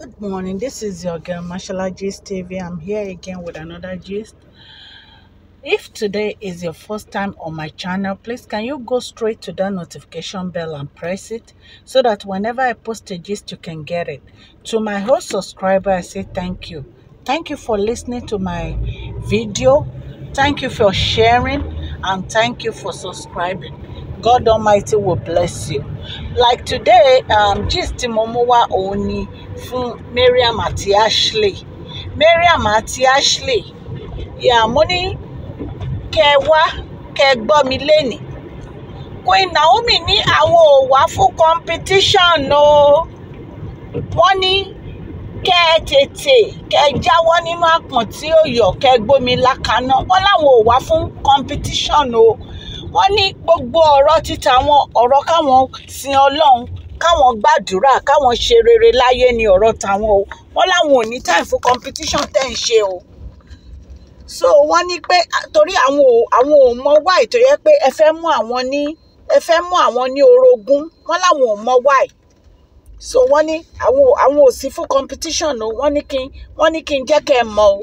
Good morning, this is your girl Mashallah Gist TV. I'm here again with another gist. If today is your first time on my channel, please can you go straight to that notification bell and press it so that whenever I post a gist, you can get it. To my whole subscriber, I say thank you. Thank you for listening to my video. Thank you for sharing and thank you for subscribing. God Almighty will bless you. Like today, um, gist Momowa Oni fún Mariam àti Ashley. Mariam àti Ashley, yeah, mo ní kẹ́ Queen Naomi ni àwọn ò wá competition no. Wọ́n ní kẹ́ ẹ tètè kẹ́ ẹ jáwọ́ nínú àpọ̀n tí ó yọ̀ kẹ́ gbómi lákaná. Wọ́n láwọn ò wá fún competition o. No wọ́n ní gbogbo ọ̀rọ̀ títa wọn ọ̀rọ̀ káwọn sin ọlọ́run káwọn gbàdúrà káwọn ṣe rere láyé ni ọ̀rọ̀ tàwọn o wọ́n láwọn ò ní time for competition tẹ́ ń ṣe o so wọ́n ní pé torí àwọn ò àwọn ò mọ why tó yẹ pé ẹ fẹ́ mú àwọn ní ẹ fẹ́ mú àwọn ní orogún wọ́n láwọn ò mọ why so wọ́n ní àwọn àwọn ò sí fún competition o wọ́n ní kí wọ́n ní kí n jẹ́ kẹ́ ẹ mọ̀ o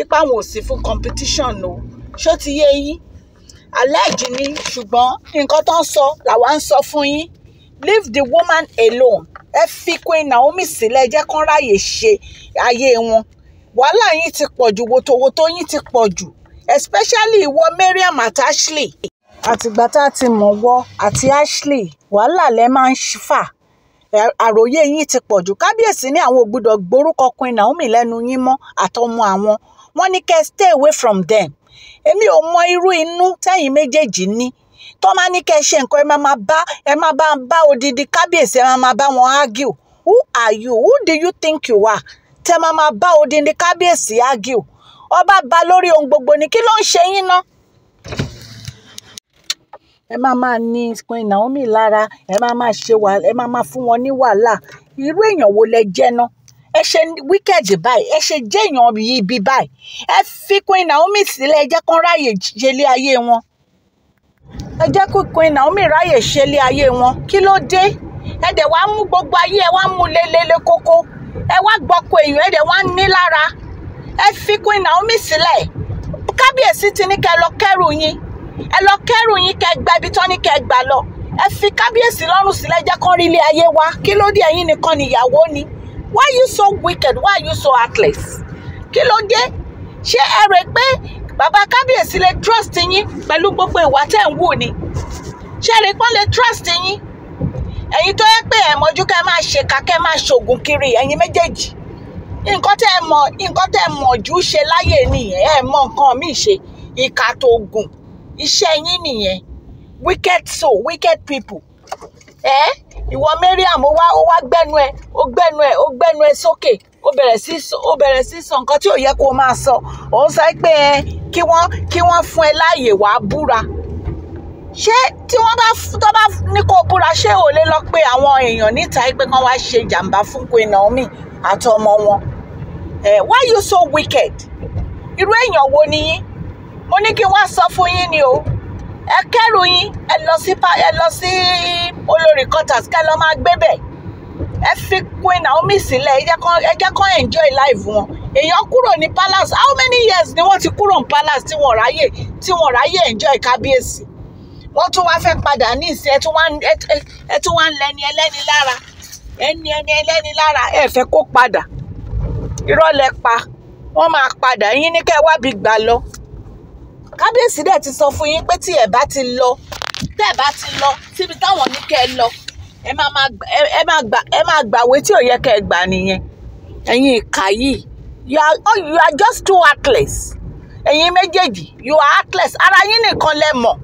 ipa àwọn ò sí fún competition o ṣó ti yé yín alleged ni ṣùgbọ́n nǹkan tó ń sọ làwa ń sọ fún yín leave the woman alone ẹ fi Queen Naomi sílẹ̀ jẹ́ kán ráyè ṣe ayé wọn wàhálà yín ti pọ̀ jù wòtòwòtò yín ti pọ̀ jù especially ìwọ Mariam àti Ashley. àtìgbà tá a ti mọ̀ wọ àti Ashley wàhálà lẹ máa ń fà àròyé yín ti pọ̀ jù kábíyèsí ní àwọn ò gbọ́dọ̀ gbórúkọ Queen Naomi lẹ́nu yín mọ́ àtọmọ àwọn wọ́n ní kẹ́ stay away from them èmi ò mọ irú inú tẹ́yìn méjèèjì ní tó máa ní kẹ́ ẹ ṣe nǹkan ẹ máa bá ẹ máa bá bá odidi kábíyèsí ẹ máa máa bá wọn argue who are you who do you think you are tẹ máa máa bá odidi kábíyèsí argue ọba ba lórí ohun gbogbo ni kí ló ń ṣe yín ná ẹ máa máa ní Queen Naomi lára ẹ máa máa ṣe wàhálà ẹ máa máa fún wọn ní wàhálà irú èèyàn wo lẹ jẹ́ náà ẹ ṣe wicked báyìí ẹ ṣe jẹ́yàn ibi báyìí ẹ fi Queen Naomi sílẹ̀ ẹ jẹ́ kán ráàyè ṣẹlé ayé wọn ẹ jẹ́ kí Queen Naomi ráàyè ṣẹlé ayé wọn kí ló dé ẹ dẹ̀ wá mú gbogbo ayé ẹ wá mú lélele kókó ẹ wá gbọ́kọ èèyàn ẹ dẹ̀ wá ní lára ẹ fi Queen Naomi sílẹ̀ kábíyèsí ti ní kẹ́ lọ kẹ́rù yín ẹ lọ kẹ́rù yín kẹ́ gba ibi tán ní kẹ́ gbà lọ ẹ fi kábíyèsí lọ́rùn sílẹ̀ jẹ́ kán rí ilé ayé wa kí ló dé ẹ̀yin nìkan nìyàwó ni why are you so wicked why are you so heartless kí ló dé ṣé ẹ rẹ pé bàbá kábíyèsí lè trust yín pẹ̀lú gbogbo ìwà tẹ̀ ń wù ni ṣé ẹ rẹ pé lè trust yín ẹ̀yin tó yẹ pé ẹ̀ mọ́jú kẹ́ máa ṣe kàkẹ́ máa ṣògùn kiri ẹ̀yin méjèèjì nǹkan tẹ́ ẹ mọ̀ nǹkan tẹ́ ẹ mọ̀ jù ṣe láyè nìyẹn ẹ mọ̀ nǹkan míì ṣe ìka tó gùn iṣẹ́ yín nìyẹn wicked soul wicked people eh? ìwọ Mariam ó wá ó wá gbẹnu ẹ ó gbẹnu ẹ ó gbẹnu ẹ sókè ó bẹ̀rẹ̀ sí ó bẹ̀rẹ̀ sí sọ nǹkan tí ò yẹ kó máa sọ òun sọ pé ẹ kí wọ́n kí wọ́n fún ẹ láàyè wàá búra ṣé tí wọ́n bá tó bá ní kó búra ṣé ò lè lọ pé àwọn èèyàn níta pé kán wá ṣe jàǹbá fún Queen Naomi àtọmọ wọn ẹ why you so wicked irú èèyàn wo ni yín mo ní kí wọ́n sọ fún yín ni o ẹ kẹ́rù yín ẹ lọ sí ẹ lọ sí olórí quarters kẹ́ lọ máa gbé bẹ̀ ẹ fi Queen Naomi sílẹ̀ ẹ jẹ́ kán ẹ jẹ́ kán enjoy life wọn èèyàn kúrò ní palace how many years ni wọ́n ti kúrò ní palace tí wọ́n ráyè tí wọ́n ráyè enjoy kábíyèsí wọ́n tún wáá fẹ́ padà ní ìsìn ẹ tún wá ẹ tún wá ń lẹni ẹlẹ́ni lára ẹni ẹni ẹlẹ́ni lára ẹ fẹ́ kó padà irọ́ lẹ pa wọ́n máa padà yín ní kẹ́ wábi gbà lọ kábíyèsí dẹ̀ ti sọ fún yín pé tí ẹ̀ bá ti lọ tẹ́ bá ti lọ síbi táwọn ní kẹ́ ẹ lọ ẹ máa gbàwé tí ò yẹ kẹ́ ẹ gbà nìyẹn ẹ̀yin ìkà yìí you are, oh, you are just too heartless ẹ̀yin méjèèjì you are heartless ara yín nìkan lẹ mọ̀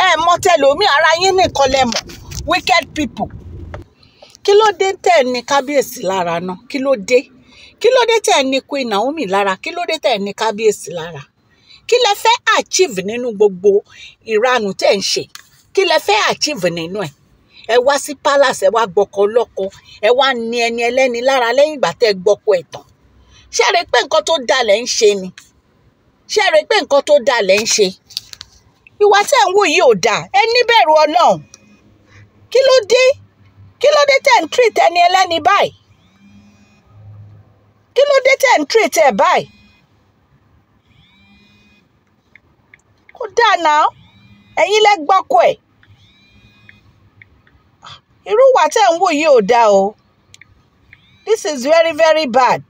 ẹ mọ̀ tẹlómi ara yín nìkan lẹ mọ̀ wicked people kí ló dé tẹ̀ ní kábíyèsí lára náà kí ló dé kí ló dé tẹ̀ ní Queen Naomi lára kí ló dé tẹ̀ ní kábíyèsí lára kí lẹ fẹ́ achieve nínú gbogbo ìranù tẹ̀ ń ṣe kí lẹ fẹ́ achieve nínú ẹ̀ ẹ wá sí palace ẹ wá gbọkọ ọlọ́kọ ẹ wá ní ẹni ẹlẹ́ni lára lẹ́yìn ìgbà tẹ́ ẹ gbọkọ ẹ̀ tán ṣé ẹ rí pé nǹkan tó da lẹ̀ ń ṣe ni ṣé ẹ rí pé nǹkan tó da lẹ̀ ń ṣe ìwà tẹ̀ ń wù yìí ò dáa ẹ níbẹ̀rù ọlọ́run kí ló dé kí ló dé tẹ̀ ń treat ẹni ẹlẹ́ni báyìí kí ló dé tẹ̀ ń treat ẹ̀ báyìí ó dáa náà ẹ̀yin lẹ gbọ́kọ ẹ̀ irú ìwà tẹ̀ ń wò yìí ò dáa o this is very very bad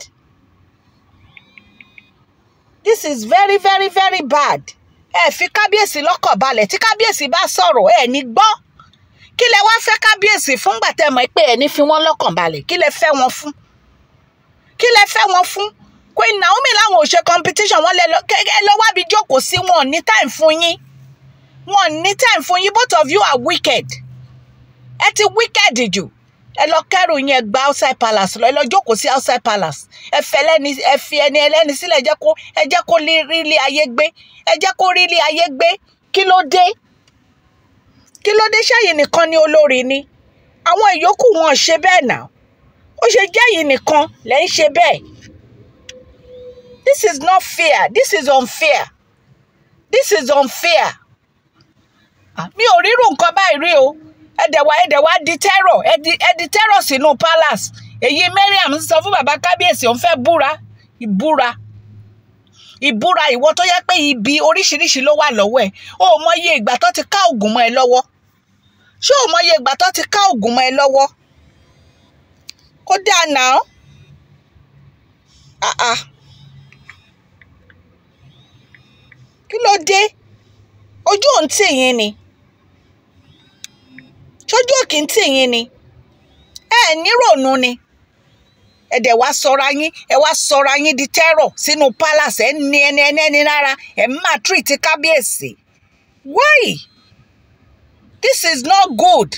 this is very very very bad ẹ fi kábíyèsí lọ́kàn balẹ̀ tí kábíyèsí bá sọ̀rọ̀ ẹ ní gbọ́ kí lẹ wá fẹ́ kábíyèsí fún gbàtẹ́ mọ̀ pé ẹ ní fi wọ́n lọ́kàn balẹ̀ kí lẹ fẹ́ wọn fún kí lẹ fẹ́ wọn fún Queen Naomi láwọn ò ṣe competition wọ́n lẹ lọ kẹ́kẹ́ lọ wábi jókòó sí wọn ní time fún yín wọn ní time fún yín both of you are wicked ẹ ti wicked jù ẹ lọ kẹrù yẹn gba outside palace lọ ẹ lọ jókòó sí outside palace ẹ fẹ́ lẹ́ni ẹ fi ẹni ẹlẹ́ni sílẹ̀ ẹ jẹ́ kó ẹ jẹ́ kó rí ilé ayé gbé ẹ jẹ́ kó rí ilé ayé gbé kí ló dé kí ló dé ṣẹ́yìn nìkan ni olórí ni àwọn ìyókù wọn ṣe bẹ́ẹ̀ náà ó ṣe jẹ́yìn nìkan lẹ́ ń ṣe bẹ́ẹ̀ This is not fair. This is unfair. This is unfair. Ah, mi ò ríru nǹkan báyìí rí o. Ẹ̀dẹ̀wá ẹ̀dẹ̀wá di terror ẹ̀dì terror sínú palace. Èyí Mariam sọ fún bàbá kábíyèsí òun fẹ́ búra ìbúra ìbúra ìwọ tó yẹ pé ibi oríṣiríṣi ló wà lọ́wọ́ ẹ̀ o ò mọye ìgbà tó ti ká òògùn mọ́ ẹ lọ́wọ́ ṣé o mọye ìgbà tó ti ká òògùn mọ́ ẹ lọ́wọ́ kó dáa náà. Ah, ah. ló dé ojú ò ń tì yín ni ṣojú òkè ń tì yín ni ẹ níròònù ni ẹ dẹ̀ wá sọra yín ẹ wá sọra yín di tẹ́rọ̀ sínú palace ẹ ní ẹni ẹni ẹni lára ẹ máa treat kábíyèsí why this is not good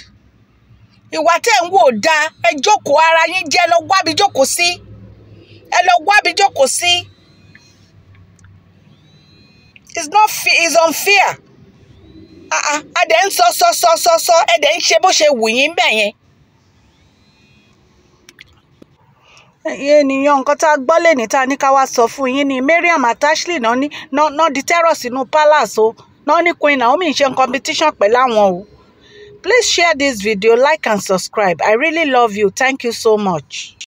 ìwà tẹ́ ń wò dáa ẹ jókòó ara yín jẹ́ ẹ lọ wábi jókòó sí ẹ lọ wábi jókòó sí. Si it's not fair it's unfair Ah ah ń Then so so so so so. dẹ̀ ń she bó ṣe wù yín bẹ́ẹ̀ yẹn. ẹ̀yin ènìyàn nǹkan tá a gbọ́ lè ní tá a ní ká wá sọ fún yín ni Mariam atashli náà No náà di terror sínú palace o náà ní Queen Naomi ń ṣe competition pẹ̀lú àwọn o. Please share this video like and subscribe I really love you thank you so much.